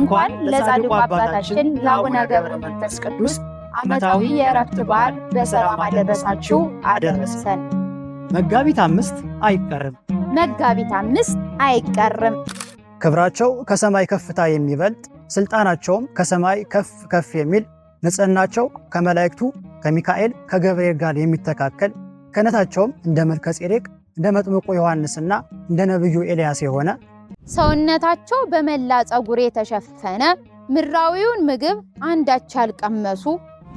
እንኳን ለጻድቁ አባታችን ለአቡነ ገብረ መንፈስ ቅዱስ ዓመታዊ የእረፍት በዓል በሰላም አደረሳችሁ አደረሰን። መጋቢት አምስት አይቀርም። መጋቢት አምስት አይቀርም። ክብራቸው ከሰማይ ከፍታ የሚበልጥ ስልጣናቸውም ከሰማይ ከፍ ከፍ የሚል ንጽሕናቸው ከመላእክቱ ከሚካኤል ከገብርኤል ጋር የሚተካከል ክህነታቸውም እንደ መልከ ጼዴቅ እንደ መጥምቁ ዮሐንስና እንደ ነቢዩ ኤልያስ የሆነ ሰውነታቸው በመላ ጸጉር የተሸፈነ ምድራዊውን ምግብ አንዳች ያልቀመሱ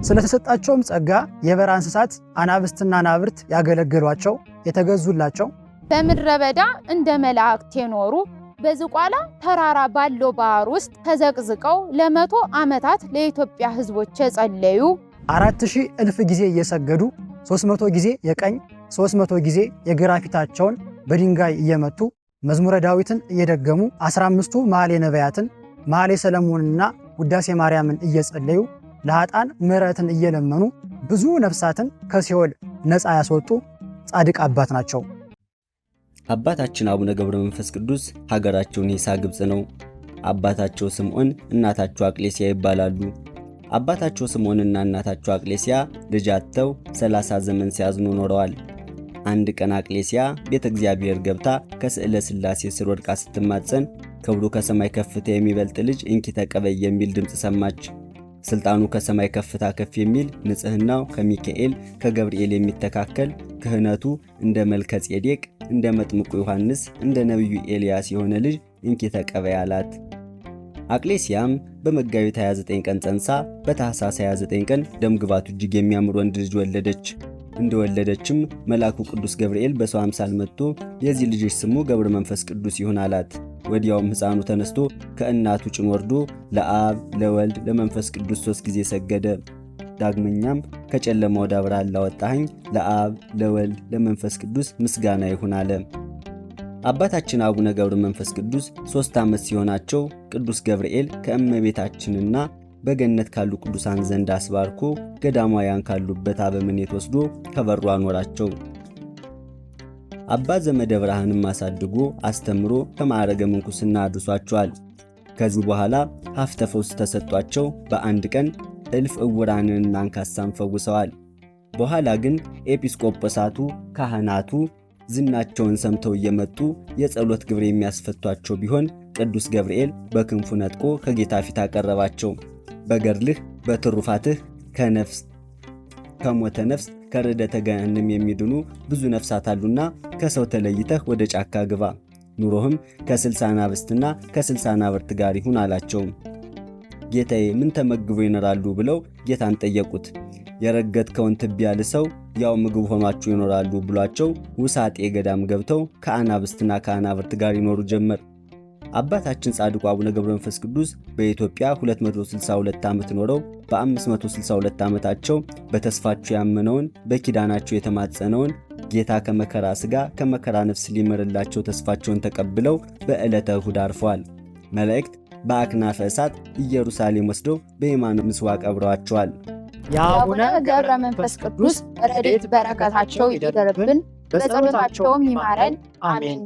ስለተሰጣቸውም ጸጋ የበራ እንስሳት አናብስትና አናብርት ያገለገሏቸው የተገዙላቸው በምድረ በዳ እንደ መላእክት የኖሩ በዝቋላ ተራራ ባለው ባህር ውስጥ ተዘቅዝቀው ለመቶ ዓመታት ለኢትዮጵያ ሕዝቦች የጸለዩ አራት ሺህ እልፍ ጊዜ እየሰገዱ መቶ ጊዜ የቀኝ መቶ ጊዜ የግራ ፊታቸውን በድንጋይ እየመቱ መዝሙረ ዳዊትን እየደገሙ 15ቱ መኃልየ ነቢያትን መኃልየ ሰለሞንና ውዳሴ ማርያምን እየጸለዩ ለኃጣን ምሕረትን እየለመኑ ብዙ ነፍሳትን ከሲኦል ነፃ ያስወጡ ጻድቅ አባት ናቸው። አባታችን አቡነ ገብረ መንፈስ ቅዱስ ሀገራቸው ኒሳ ግብፅ ነው። አባታቸው ስምዖን እናታቸው አቅሌሲያ ይባላሉ። አባታቸው ስምዖንና እናታቸው አቅሌሲያ ልጅ አጥተው 30 ዘመን ሲያዝኑ ኖረዋል። አንድ ቀን አቅሌሲያ ቤተ እግዚአብሔር ገብታ ከስዕለ ሥላሴ ስር ወድቃ ስትማጸን ክብሩ ከሰማይ ከፍታ የሚበልጥ ልጅ እንኪ ተቀበይ የሚል ድምፅ ሰማች። ስልጣኑ ከሰማይ ከፍታ ከፍ የሚል ንጽሕናው ከሚካኤል ከገብርኤል የሚተካከል ክህነቱ እንደ መልከ ጼዴቅ እንደ መጥምቁ ዮሐንስ እንደ ነቢዩ ኤልያስ የሆነ ልጅ እንኪ ተቀበይ አላት። አቅሌሲያም በመጋቢት 29 ቀን ጸንሳ በታኅሳስ 29 ቀን ደምግባቱ እጅግ የሚያምር ወንድ ልጅ ወለደች። እንደወለደችም መልአኩ ቅዱስ ገብርኤል በሰው አምሳል መጥቶ የዚህ ልጅሽ ስሙ ገብረ መንፈስ ቅዱስ ይሁን አላት። ወዲያውም ሕፃኑ ተነስቶ ከእናቱ ጭን ወርዶ ለአብ ለወልድ ለመንፈስ ቅዱስ ሦስት ጊዜ ሰገደ። ዳግመኛም ከጨለማ ወደ ብርሃን ላወጣኸኝ ለአብ ለወልድ ለመንፈስ ቅዱስ ምስጋና ይሁን አለ። አባታችን አቡነ ገብረ መንፈስ ቅዱስ ሦስት ዓመት ሲሆናቸው ቅዱስ ገብርኤል ከእመቤታችንና በገነት ካሉ ቅዱሳን ዘንድ አስባርኮ ገዳማውያን ካሉበት አበምኔት ወስዶ ከበሩ አኖራቸው። አባ ዘመደ ብርሃንም አሳድጎ አስተምሮ ከማዕረገ ምንኩስና አድርሷቸዋል። ከዚህ በኋላ ሀፍተ ፈውስ ተሰጧቸው። በአንድ ቀን እልፍ እውራንንና አንካሳን ፈውሰዋል። በኋላ ግን ኤጲስቆጶሳቱ፣ ካህናቱ ዝናቸውን ሰምተው እየመጡ የጸሎት ግብር የሚያስፈቷቸው ቢሆን ቅዱስ ገብርኤል በክንፉ ነጥቆ ከጌታ ፊት አቀረባቸው። በገድልህ በትሩፋትህ ከነፍስ ከሞተ ነፍስ ከርዕደተ ገሃነም የሚድኑ ብዙ ነፍሳት አሉና ከሰው ተለይተህ ወደ ጫካ ግባ፣ ኑሮህም ከስልሳ አናብስትና ከስልሳ አናብርት ጋር ይሁን አላቸው። ጌታዬ ምን ተመግቦ ይኖራሉ ብለው ጌታን ጠየቁት። የረገጥከውን ትቢያ ልሰው ያው ምግብ ሆኗቸው ይኖራሉ ብሏቸው ውሳጤ ገዳም ገብተው ከአናብስትና ከአናብርት ጋር ይኖሩ ጀመር። አባታችን ጻድቁ አቡነ ገብረ መንፈስ ቅዱስ በኢትዮጵያ 262 ዓመት ኖረው በ562 ዓመታቸው በተስፋቸው ያመነውን በኪዳናቸው የተማጸነውን ጌታ ከመከራ ሥጋ ከመከራ ነፍስ ሊምርላቸው ተስፋቸውን ተቀብለው በዕለተ እሁድ አርፈዋል። መላእክት በአክናፈ እሳት ኢየሩሳሌም ወስደው በየማነ ምስዋ ቀብረዋቸዋል። የአቡነ ገብረ መንፈስ ቅዱስ ረድኤት በረከታቸው ይደርብን፣ በጸሎታቸውም ይማረን፣ አሜን።